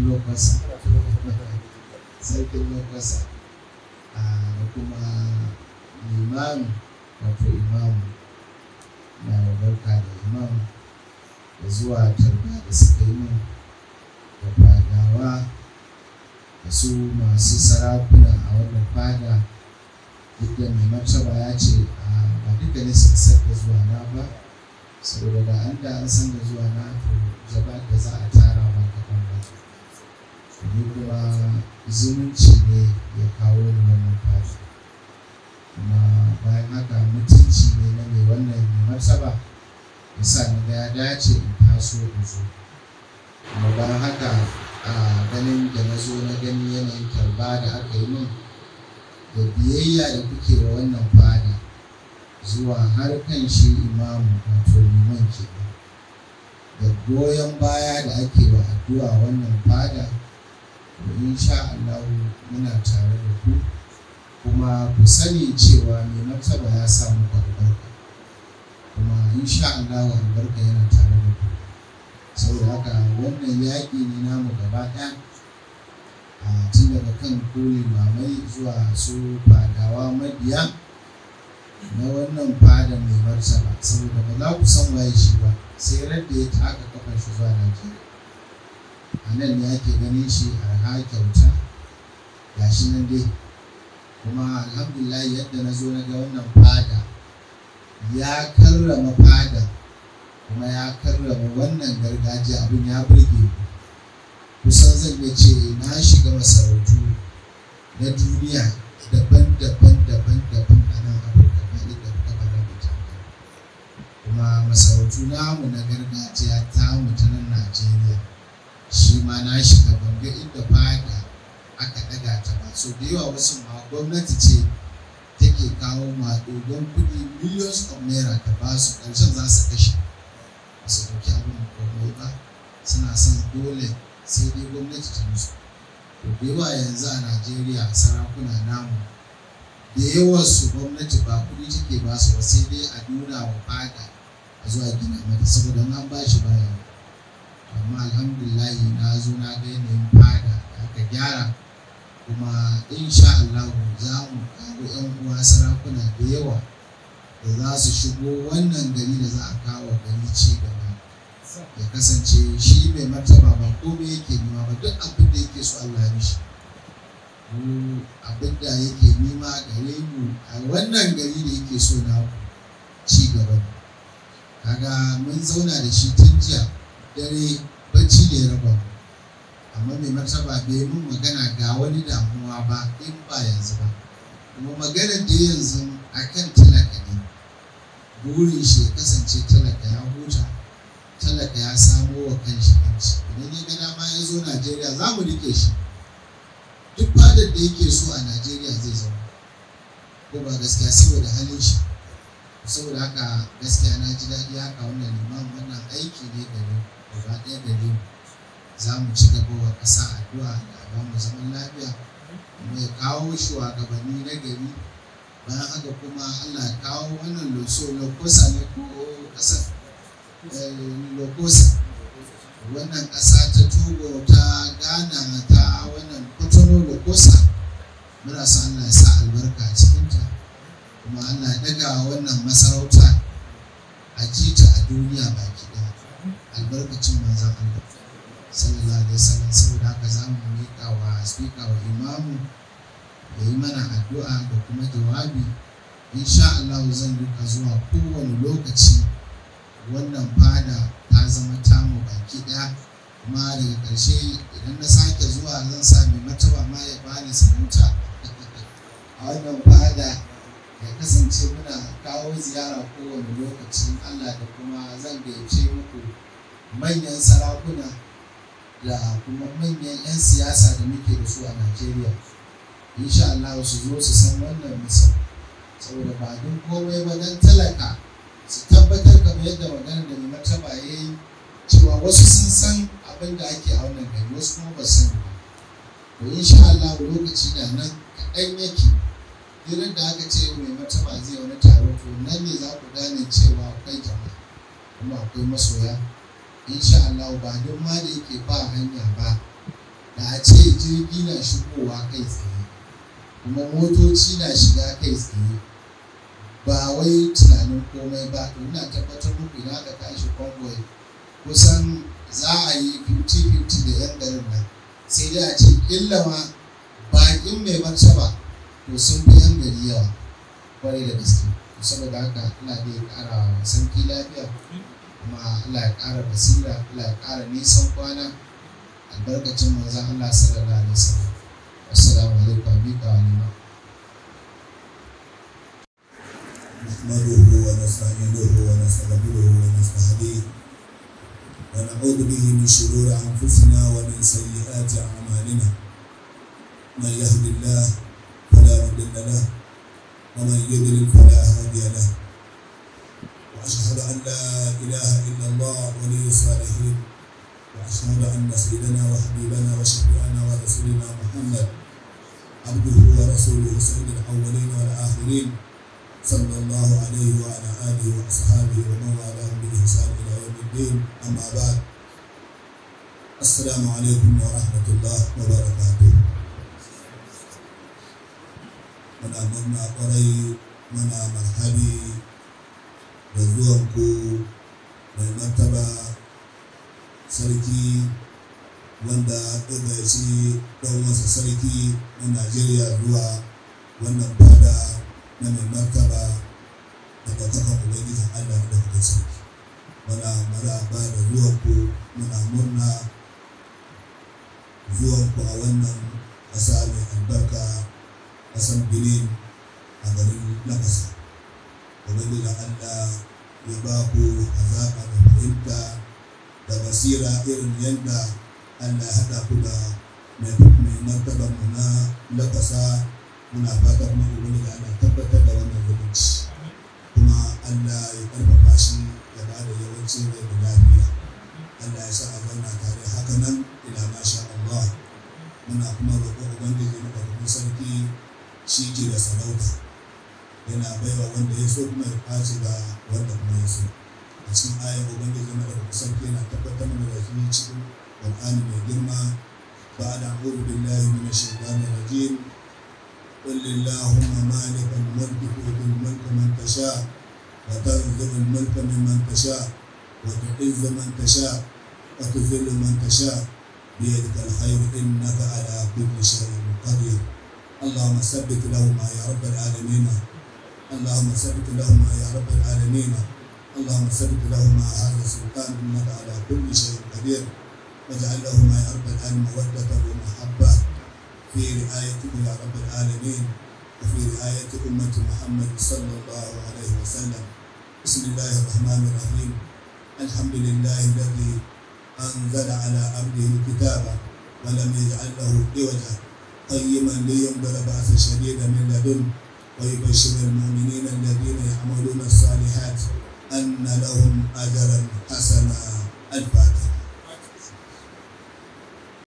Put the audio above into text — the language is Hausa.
sarkin lokasa sarkin lokasa da kuma limamu wato imamu na barka da imam da zuwa tarba da suka yi min da fadawa da su masu sarakuna a wannan fada duk da mai martaba ya ce ba duka ne suka saka zuwa na ba saboda da an da an san da zuwa na to jaba da za a tara ba kaɗan ba ni kuma zumunci ne ya kawo ni wannan fari kuma bayan haka mutunci ne na mai wannan mai martaba ya sa ni ga ya dace in taso in zo kuma bayan haka a ganin da na zo na gani yanayin tarba da aka yi min da biyayya da kuke wa wannan fada zuwa har kan shi imamu wato liman kenan da goyon baya da ake wa addu'a wannan fada da sha Allah muna tare da ku kuma ku sani cewa mai martaba ya samu albarka kuma insha Allah albarka yana tare da ku saboda haka wannan yaƙi ne namu gaba ɗaya a tun daga kan koli mamai zuwa su fadawa mabiya na wannan fada mai martaba saboda ba za ku san waye shi ba sai radda ya taka kafar shi zuwa Najeriya a nan ne ake ganin shi raha kyauta ga shi nan dai kuma alhamdulillah yadda na zo na ga wannan fada ya karrama fada kuma ya karrama wannan gargajiya abin ya burge kusan zan iya ce na shiga masarautu na duniya daban-daban daban-daban a nan afirka faɗi da kuka da mutum kuma masarautu namu na gargajiya ta mutanen najeriya shi ma na shiga banga inda fada aka daga ta ba so da yawa wasu ma gwamnati ce take kawo ma dogon kuɗi millions of naira ta ba su ƙarshen za su kashe ba su ɗauki abin komai ba suna son dole sai dai gwamnati ta musu to da yawa yanzu a najeriya sarakuna namu da yawan su gwamnati ba kuɗi take ba su ba sai dai a nuna wa fada a zuwa gina mata saboda an ba shi baya amma alhamdulillahi na zo na ga yanayin fada da aka gyara kuma insha Allah za mu kawo yan uwa sarakuna da yawa da za su shigo wannan gari da za a kawo gari ci gaba ya kasance shi mai martaba ba komai yake nema ba duk abin da yake so Allah ya mishi abin da yake nema gare mu a wannan gari da yake so na ci gaba kaga mun zauna da shi tun jiya dare bacci ne ya raba amma mai martaba bai mun magana ga wani damuwa ba in ba yanzu ba kuma maganar da yanzu a kan talaka ne burin shi ya kasance talaka ya huta talaka ya samo wa kanshi kanci idan ya gana ma ya zo najeriya za mu rike shi duk fadar da yake so a najeriya zai zama ko ba gaskiya saboda halin shi saboda haka gaskiya na ji daɗi haka za mu ci gaba wa ƙasa addu'a da ba mu zaman lafiya mai kawo shugabanni na gari bayan haka kuma Allah ya kawo wannan loso lokosa ne ko ƙasar lokosa eh, wannan ƙasa ta togo ta ghana ta wannan kotono lokosa muna sa Allah ya sa albarka a cikinta kuma Allah ya daga wannan masarauta a jita a duniya baki ɗaya albarkacin manzon Allah alaihi wasallam saboda haka za mu miƙa wa spika wa imamu ya yi mana addu'a da kuma jawabi insha Allah zan duka zuwa kowane lokaci wannan fada ta zama tamu baki ɗaya kuma daga ƙarshe idan na sake zuwa zan sami mataba ma ya bani sarauta a wannan fada ya kasance muna kawo ziyara kowane lokacin Allah da kuma zan gayyace muku manyan sarakuna da kuma manyan 'yan siyasa da muke da su a najeriya insha Allah su zo su san wannan misal saboda ba don komai ba don talaka su tabbatar kamar yadda magana da martaba ya yi cewa wasu sun san abin da ake a wannan gari wasu kuma ba san ba to insha Allah lokaci da nan kaɗan yake irin da aka ce mai martaba zai wani taro to nan ne za ku gane cewa akwai jama'a kuma akwai masoya insha Allah ba don ma da yake ba hanya ba da a ce jirgi na shigowa kai tsaye kuma motoci na shiga kai tsaye ba wai tunanin komai ba to ina tabbatar muku ina ga tashi convoy kusan za a yi 50-50 da yan garin nan sai dai a ce killa ma bakin mai martaba to sun fi yan gari yawa kwarai da gaske saboda haka ina da ya kara sarki lafiya kuma Allah ya ƙara basira Allah ya ƙara nisan kwana albarkacin manzon Allah sallallahu alaihi wasallam assalamu alaikum bi kawani نحمده ونستعينه ونستغفره ونستهديه ونعوذ به من شرور انفسنا ومن سيئات اعمالنا من يهد الله فلا مضل له ومن يضلل فلا هادي له وأشهد أن لا إله إلا الله ولي الصالحين وأشهد أن سيدنا وحبيبنا وشفيعنا ورسولنا محمد عبده ورسوله سيد الأولين والآخرين صلى الله عليه وعلى آله وأصحابه ومن والاهم بالإحسان إلى يوم الدين أما بعد السلام عليكم ورحمة الله وبركاته muna قريب من muna حبيب mai zuwan mai martaba sarki wanda daga shi ɗan wasa sarki na najeriya zuwa wannan fada na mai martaba da ɗaukakan ubangijin allah da ɗaukakan sarki mana mara ba da zuwanku muna murna zuwan ku a wannan ƙasa mai albarka ƙasan a garin lakasa domin da Allah ya ba ku azaba da fahimta da basira irin yadda Allah ya haɗa ku mai martabar mu na lafasa. muna fata kuma ubangiji Allah tabbatar da wannan zumunci kuma Allah ya karfafa shi ya ba da yawancin rai da lafiya Allah ya sa a zauna tare haka nan ina masha Allah muna kuma roƙon ubangiji na sarki shi da sarauta yana baiwa wanda ya so kuma ya ɓaci ga wanda kuma ya so a cikin ayan ubangiji na daga sarki yana tabbatar mana da shi cikin qur'ani mai girma ba da a'udhu billahi minash shaitani rajim قل اللهم مالك الملك تؤتي الملك من تشاء وتنزع الملك ممن تشاء وتعز من تشاء وتذل من تشاء بيدك الخير انك على كل شيء قدير اللهم ثبت لهما يا رب العالمين اللهم ثبت لهما يا رب العالمين اللهم ثبت لهما هذا السلطان انك على كل شيء قدير واجعل لهما يا رب العالمين موده ومحبه في رعايتكم يا رب العالمين وفي رعاية أمة محمد صلى الله عليه وسلم بسم الله الرحمن الرحيم الحمد لله الذي أنزل على عبده الكتاب ولم يجعل له عوجا قيما لينذر بأسا شديدا من لدنه ويبشر المؤمنين الذين يعملون الصالحات أن لهم أجرا حسنا الفاتحة